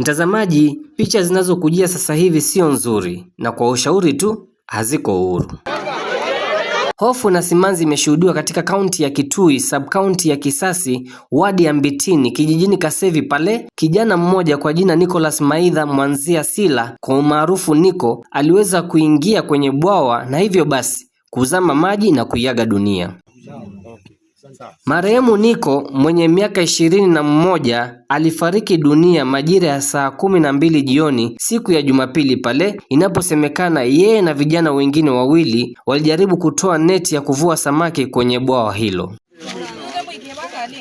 Mtazamaji, picha zinazokujia sasa hivi sio nzuri na kwa ushauri tu haziko huru. Hofu na simanzi imeshuhudiwa katika kaunti ya Kitui, subkaunti ya Kisasi, wadi ya Mbitini, kijijini Kasevi pale kijana mmoja kwa jina Nicholas Maidha Mwanzia Sila kwa umaarufu Niko aliweza kuingia kwenye bwawa na hivyo basi kuzama maji na kuiaga dunia. Marehemu Nico mwenye miaka ishirini na mmoja alifariki dunia majira ya saa kumi na mbili jioni siku ya Jumapili pale inaposemekana yeye na vijana wengine wawili walijaribu kutoa neti ya kuvua samaki kwenye bwawa hilo.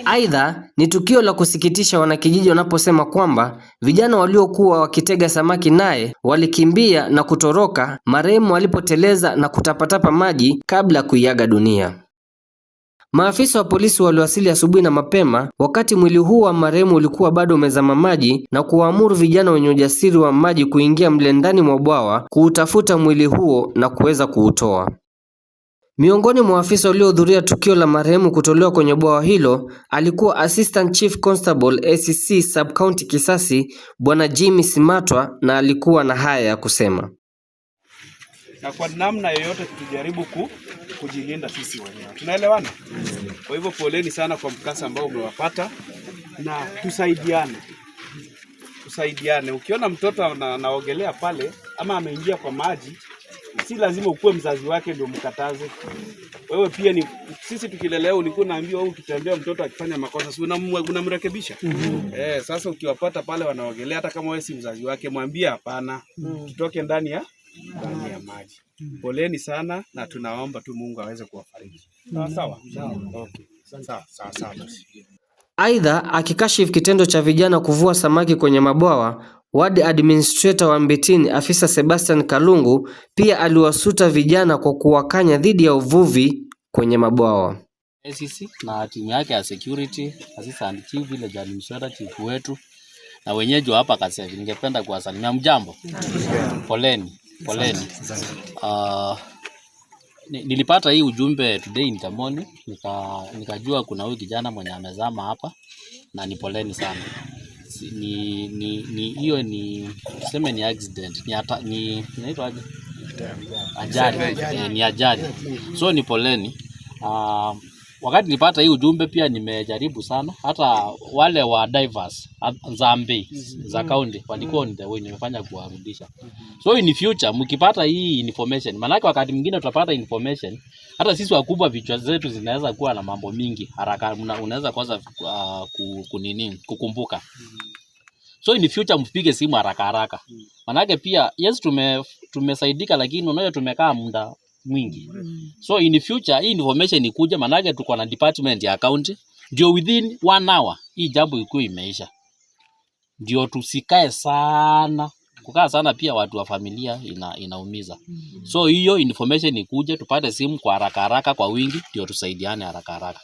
Aidha, ni tukio la kusikitisha wanakijiji wanaposema kwamba vijana waliokuwa wakitega samaki naye walikimbia na kutoroka marehemu alipoteleza na kutapatapa maji kabla kuiaga dunia. Maafisa wa polisi waliwasili asubuhi na mapema wakati mwili huu wa marehemu ulikuwa bado umezama maji na kuwaamuru vijana wenye ujasiri wa maji kuingia mle ndani mwa bwawa kuutafuta mwili huo na kuweza kuutoa. Miongoni mwa afisa waliohudhuria tukio la marehemu kutolewa kwenye bwawa hilo alikuwa Assistant Chief Constable ACC Sub County Kisasi Bwana Jimmy Simatwa na alikuwa na haya ya kusema. Na kwa namna yoyote tujaribu ku kujilinda sisi wenyewe. Tunaelewana? Kwa hivyo poleni sana kwa mkasa ambao umewapata, na tusaidiane, tusaidiane. Ukiona mtoto anaogelea pale ama ameingia kwa maji, si lazima ukuwe mzazi wake ndio mkataze. Wewe pia ni sisi, tukilelea ulikuwa unaambiwa, au ukitembea mtoto akifanya makosa, si unamrekebisha? mm -hmm. Eh, sasa ukiwapata pale wanaogelea, hata kama wewe si mzazi wake, mwambie hapana, mm -hmm. tutoke ndani ya ndani ya mm. maji. Poleni sana na tunaomba tu Mungu aweze kuwafariji. Mm. Sawa sawa. Okay. Sawa sawa. basi. Aidha, akikashifu kitendo cha vijana kuvua samaki kwenye mabwawa, Ward Administrator wa Mbitini Afisa Sebastian Kalungu pia aliwasuta vijana kwa kuwakanya dhidi ya uvuvi kwenye mabwawa. Sisi na timu yake ya security, assistant chief, village administrator, chief wetu na wenyeji hapa Kasese, ningependa kuwasalimia mjambo, poleni. Poleni. Uh, nilipata hii ujumbe today morning nika nikajua kuna huyu kijana mwenye amezama hapa, na ni poleni sana. Ni ni hiyo ni tuseme ni accident, ni ata, ni inaitwa aje? Ajali. Eh, ni ajali, so ni poleni. Uh, Wakati nilipata hii ujumbe pia nimejaribu sana, hata wale wa divers za mbei za kaunti walikuwa on the way, nimefanya kuwarudisha. Mhm. So in future mkipata hii information, maanake wakati mwingine tutapata information, hata sisi wakubwa vichwa zetu zinaweza kuwa na mambo mingi haraka, unaweza kwanza uh, kunini kukumbuka. Mhm. So in future mpige simu haraka haraka, maanake mhm. pia yes, tume tumesaidika, lakini unaona tumekaa muda mwingi mm. So in the future hii information ikuja, manake tuko na department ya account, ndio within one hour hii jambo ikuwa imeisha, ndio tusikae sana. Kukaa sana pia watu wa familia ina, inaumiza mm -hmm. So hiyo information ikuje, tupate simu kwa haraka haraka, kwa wingi, ndio tusaidiane haraka haraka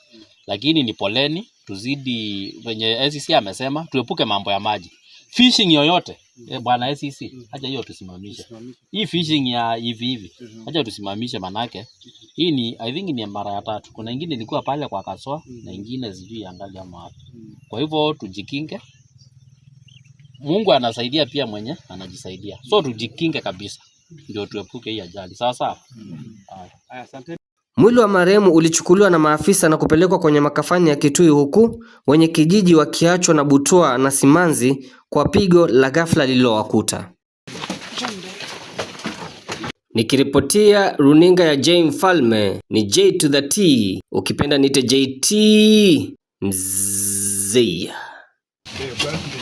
Lakini ni poleni, tuzidi venye SCC amesema, tuepuke mambo ya maji fishing yoyote mm. Eh, bwana SEC mm. acha hiyo tusimamishe hii fishing ya hivi hivi mm acha tusimamishe manake hii ni I think ni mara ya tatu. Kuna ingine ilikuwa pale kwa Kaswa mm. na ingine sijui angali ama mm. Kwa hivyo tujikinge, Mungu anasaidia pia mwenye anajisaidia, so mm. tujikinge kabisa ndio tuepuke hii ajali. Sawa sawa mm. Mwili wa marehemu ulichukuliwa na maafisa na kupelekwa kwenye makafani ya Kitui huku wenye kijiji wakiachwa na Butoa na Simanzi kwa pigo la ghafla lililowakuta. Nikiripotia runinga ya J Mfalme, ni J to the T, ukipenda nite JT yeah,